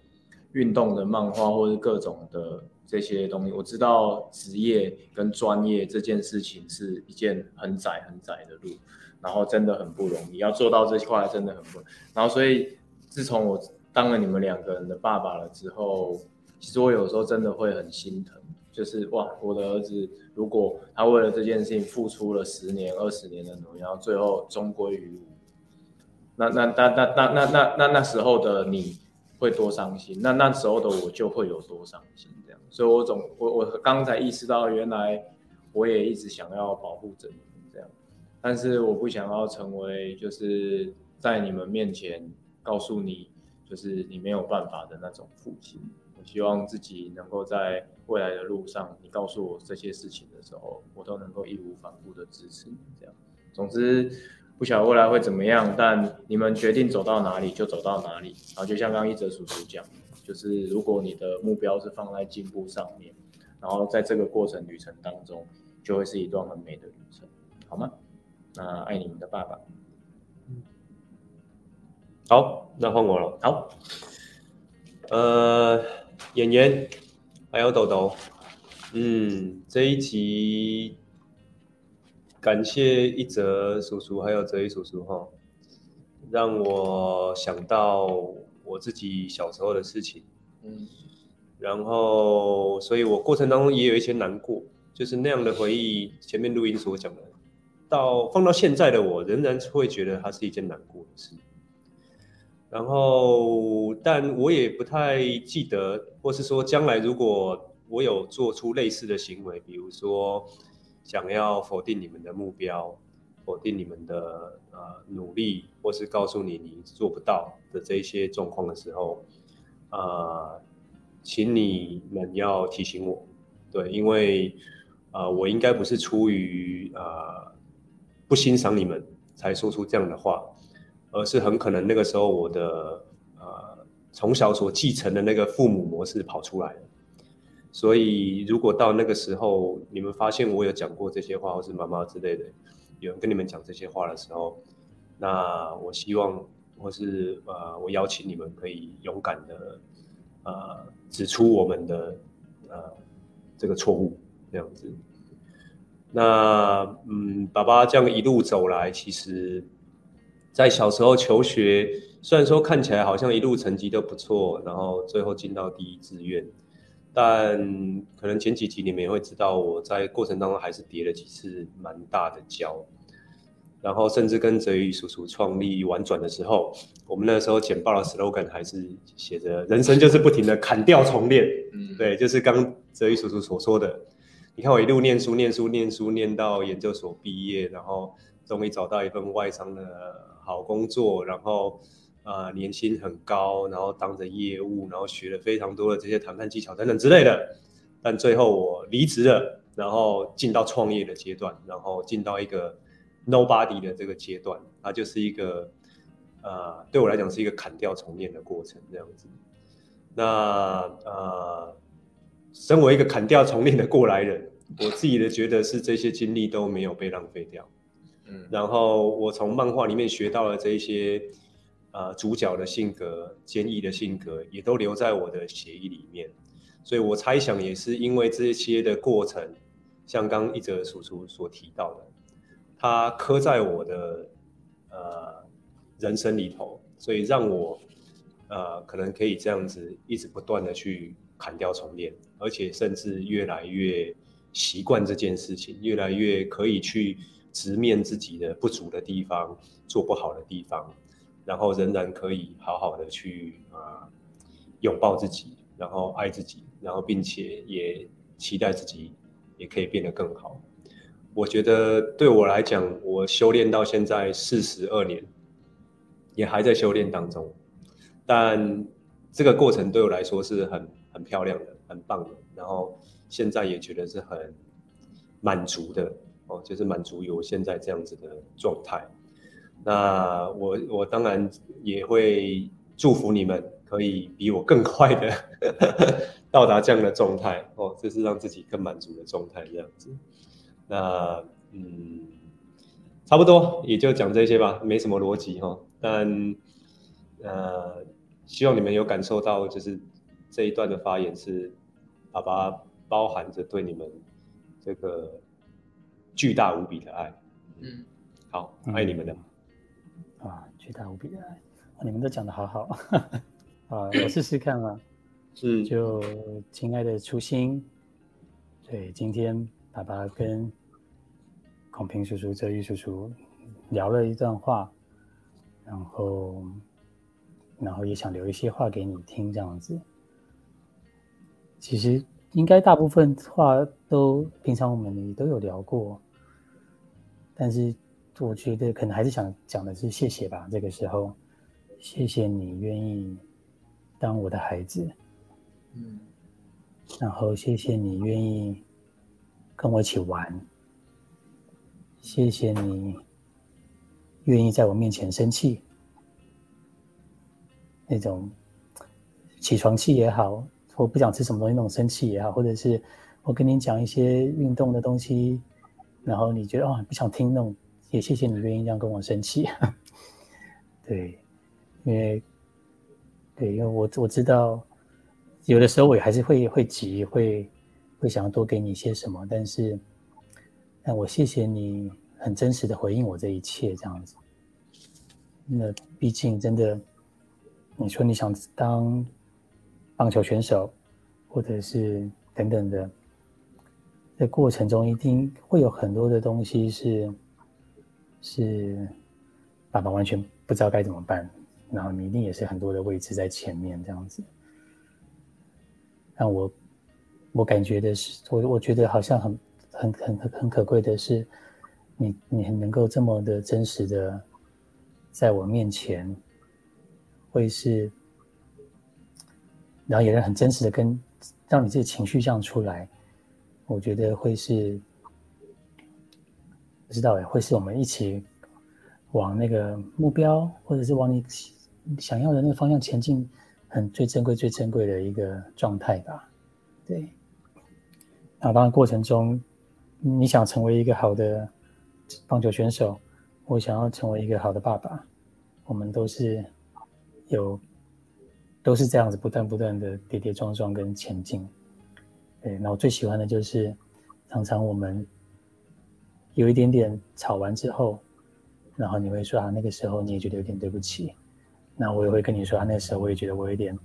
運動的漫畫，或是各種的。這些東西我知道，職業跟專業這件事情是一件很窄很窄的路，然後真的很不容易，要做到這塊真的很不容易。然後，所以自從我當了你們兩個人的爸爸了之後，其實我有時候真的會很心疼，就是哇，我的兒子如果他為了這件事情付出了十年、二十年的努力，然後最後終歸於無，那那那那那那那那那時候的你會多傷心，那那時候的我就會有多傷心。所以我，我總我我剛才意識到，原來我也一直想要保護着你們這樣，但是我不想要成為就是在你們面前告訴你就是你沒有辦法的那種父親。我希望自己能夠在未來的路上，你告訴我這些事情的時候，我都能夠義無反顧的支持你這樣。總之，不曉得未來會怎麼樣，但你們決定走到哪裡就走到哪裡。然後，就像剛剛一折叔叔講。就是如果你的目標是放在進步上面，然後在這個過程旅程當中，就會是一段很美的旅程，好嗎？那愛你們的爸爸。嗯、好，那換我了。好，呃，妍妍，還有豆豆，嗯，這一集感謝一折叔叔還有折一叔叔哈，讓我想到。我自己小時候的事情，嗯，然後，所以我過程當中也有一些難過，就是那樣的回憶，前面錄音所講的，到放到現在的我，仍然會覺得它是一件難過的事。然後，但我也不太記得，或是說將來如果我有做出類似的行為，比如說想要否定你們的目標。否定你們的呃努力，或是告訴你你做不到的這一些狀況的時候，呃，請你們要提醒我，對，因為呃，我應該不是出於呃不欣賞你們才說出這樣的話，而是很可能那個時候我的呃從小所繼承的那個父母模式跑出來了。所以，如果到那個時候你們發現我有講過這些話或是媽媽之類的，有人跟你們講這些話的時候，那我希望或是呃，我邀請你們可以勇敢的呃指出我們的呃這個錯誤，這樣子。那嗯，爸爸這樣一路走來，其實在小時候求學，雖然說看起來好像一路成績都不錯，然後最後進到第一志願。但可能前幾集，你們也會知道，我在過程當中還是跌了幾次蠻大的跤，然後甚至跟澤宇叔叔創立玩轉的時候，我們那時候簡報的 slogan 還是寫着“人生就是不停的砍掉重練”，嗯，對，就是剛澤宇叔叔所說的。你看我一路念書、念書、念書，念到研究所畢業，然後終於找到一份外商的好工作，然後。呃，年薪很高，然後當着業務，然後學了非常多的這些談判技巧等等之類的。但最後我離職了，然後進到創業的階段，然後進到一個 nobody 的這個階段，它就是一個呃，對我來講是一個砍掉重練的過程這樣子。那呃，身為一個砍掉重練的過來人，我自己的覺得是這些經歷都沒有被浪費掉。嗯，然後我從漫畫裡面學到了這些。呃，主角的性格、堅毅的性格也都留在我的血液裡面，所以我猜想也是因為這些的過程，像剛一折叔叔所提到的，他刻在我的呃人生裡頭，所以讓我呃可能可以這樣子一直不斷的去砍掉重練，而且甚至越來越習慣這件事情，越來越可以去直面自己的不足的地方、做不好的地方。然後仍然可以好好的去啊、呃、擁抱自己，然後愛自己，然後並且也期待自己也可以變得更好。我覺得對我來講，我修煉到現在四十二年，也還在修煉當中，但這個過程對我來說是很很漂亮的，很棒的。然後現在也覺得是很滿足的哦，就是滿足於我現在這樣子的狀態。那我我當然也會祝福你們，可以比我更快的 到達這樣的狀態哦，這是讓自己更滿足的狀態這樣子。那嗯，差不多也就講這些吧，沒什麼邏輯哈。但呃，希望你們有感受到，就是這一段的發言是爸爸包含着對你們這個巨大無比的愛。嗯，好，愛你們的。嗯啊，巨大無比的愛！啊、你們都講得好好 啊，我試試看嘛。是，就親愛的初心，對，今天爸爸跟孔平叔叔、周玉叔叔聊了一段話，然後，然後也想留一些話給你聽，這樣子。其實應該大部分話都平常我們也都有聊過，但是。我覺得可能還是想講的是謝謝吧。這個時候，謝謝你願意當我的孩子，嗯，然後謝謝你願意跟我一起玩，謝謝你願意在我面前生氣，那種起床氣也好，我不想吃什麼東西那種生氣也好，或者是我跟你講一些運動的東西，然後你覺得，哦，不想聽那種。也謝謝你願意這樣跟我生氣， 對，因為，對，因為我我知道，有的時候我也還是會會急，會會想要多給你一些什麼，但是，但我謝謝你很真實的回應我這一切這樣子。那畢竟真的，你說你想當棒球選手，或者是等等的，在過程中一定會有很多的東西是。是，爸爸完全不知道該怎麼辦，然後你一定也是很多的位置在前面這樣子，讓我，我感覺的是，我我覺得好像很很很很很可貴的是你，你你能夠這麼的真實的，在我面前，會是，然後也能很真實的跟，讓你這個情緒這樣出來，我覺得會是。不知道哎、欸，會是我們一起往那個目標，或者是往你想要的那個方向前進，很最珍貴、最珍貴的一個狀態吧？對。那當然，過程中，你想成為一個好的棒球選手，我想要成為一個好的爸爸，我們都是有，都是這樣子，不斷不斷的跌跌撞撞跟前進。對，那我最喜歡的就是，常常我們。有一點點吵完之後，然後你會說啊，那個時候你也覺得有點對不起。那我也會跟你說啊，那個時候我也覺得我有點，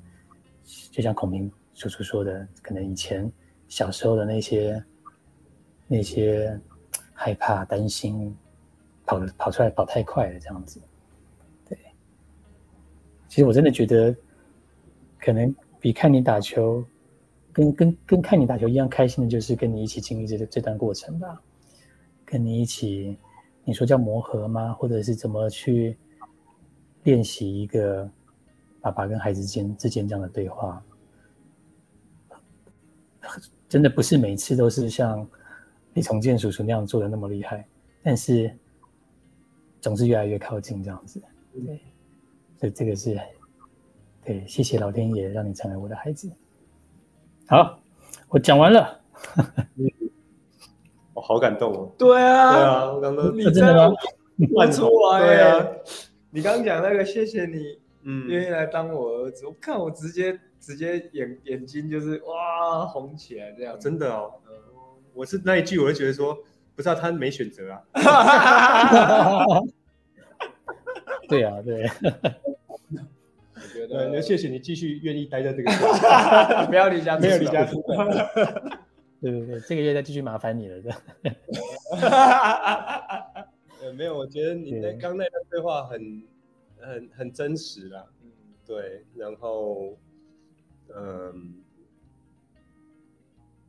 就像孔明叔叔說的，可能以前小時候的那些那些害怕、擔心，跑跑出來跑太快了這樣子。對，其實我真的覺得，可能比看你打球，跟跟跟看你打球一樣開心的，就是跟你一起經歷這這段過程吧。跟你一起，你說叫磨合嗎？或者是怎麼去練習一個爸爸跟孩子之間之間這樣的對話？真的不是每次都是像李崇建叔叔那樣做的那麼厲害，但是總是越來越靠近這樣子，對，所以這個是對，謝謝老天爺讓你成為我的孩子。好，我講完了。 我、哦、好感動哦！對啊，對啊，我剛剛你在的嗎？感動啊！對啊，你剛剛講那個謝謝你，嗯，願意來當我兒子，嗯、我看我直接直接眼眼睛就是哇紅起來這樣、哦，真的哦。我是那一句我就覺得說，不知道、啊、他沒選擇啊， 啊。對啊，對啊。我覺得，那、嗯、謝謝你繼續願意待在這個地方， 不要離家，沒有離家出 對對對，這個月再繼續麻煩你了。沒有，我覺得你在剛那段對話很、很、很真實啦。嗯，對，然後，嗯、呃，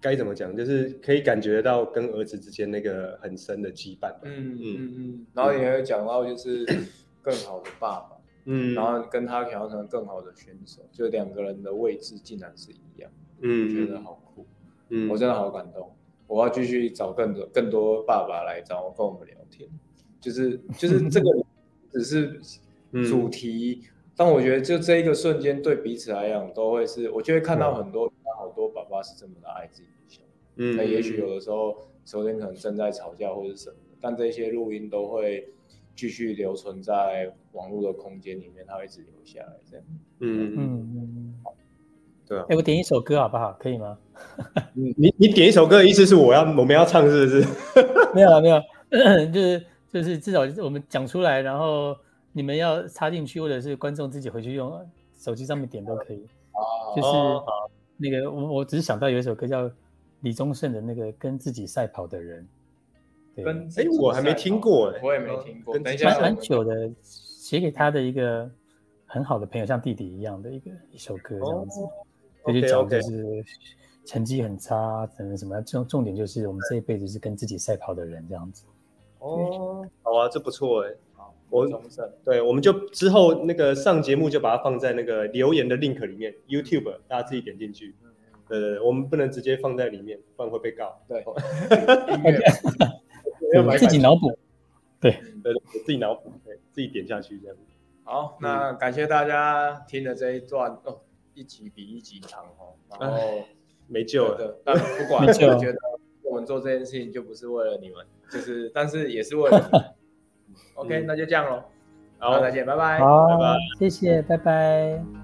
該怎麼講？就是可以感覺到跟兒子之間那個很深的羈絆、啊嗯。嗯嗯嗯。嗯然後你也有講到就是更好的爸爸。嗯。然後跟他調成更好的選手，就兩個人的位置竟然是一樣。嗯。我覺得好酷。我真的好感動，嗯、我要繼續找更多更多爸爸來找我跟我們聊天，就是就是這個只是主題，嗯、但我覺得就這一個瞬間對彼此來講都會是，我就會看到很多、嗯、好多爸爸是這麼的愛自己的小孩，嗯，也許有的時候昨天可能正在吵架或者是什麼，但這些錄音都會繼續留存在網絡的空間裡面，他會一直留下來這樣，嗯嗯嗯。對嗯嗯對、啊，哎，我點一首歌好不好？可以嗎？ 嗯、你你點一首歌的意思是我要、嗯、我們要唱是不是？ 沒有了沒有，咳咳就是就是至少我們講出來，然後你們要插進去或者是觀眾自己回去用手機上面點都可以。哦、就是、哦、那個我我只是想到有一首歌叫李宗盛的那個跟自己賽跑的人。對，跟哎，我還沒聽過哎、欸，我也沒聽過，蠻蠻久的，寫給他的一個很好的朋友像弟弟一樣的一個一首歌這樣子。哦再去講就是成績很差，等等什麼重重點就是我們這一輩子是跟自己賽跑的人這樣子。哦，好啊，這不錯哎。好，我對，我們就之後那個上節目就把它放在那個留言的 link 裡面，YouTube 大家自己點進去。呃，我們不能直接放在裡面，不然會被告。對，自己腦補。對對，自己腦補，對，自己點下去這樣。好，那感謝大家聽了這一段一集比一集長哦，然後沒救了 的，但不管，我覺得我們做這件事情就不是為了你們，就是，但是也是為了你們。OK，那就這樣咯。好哦，再見，拜拜，好拜拜，謝謝，拜拜。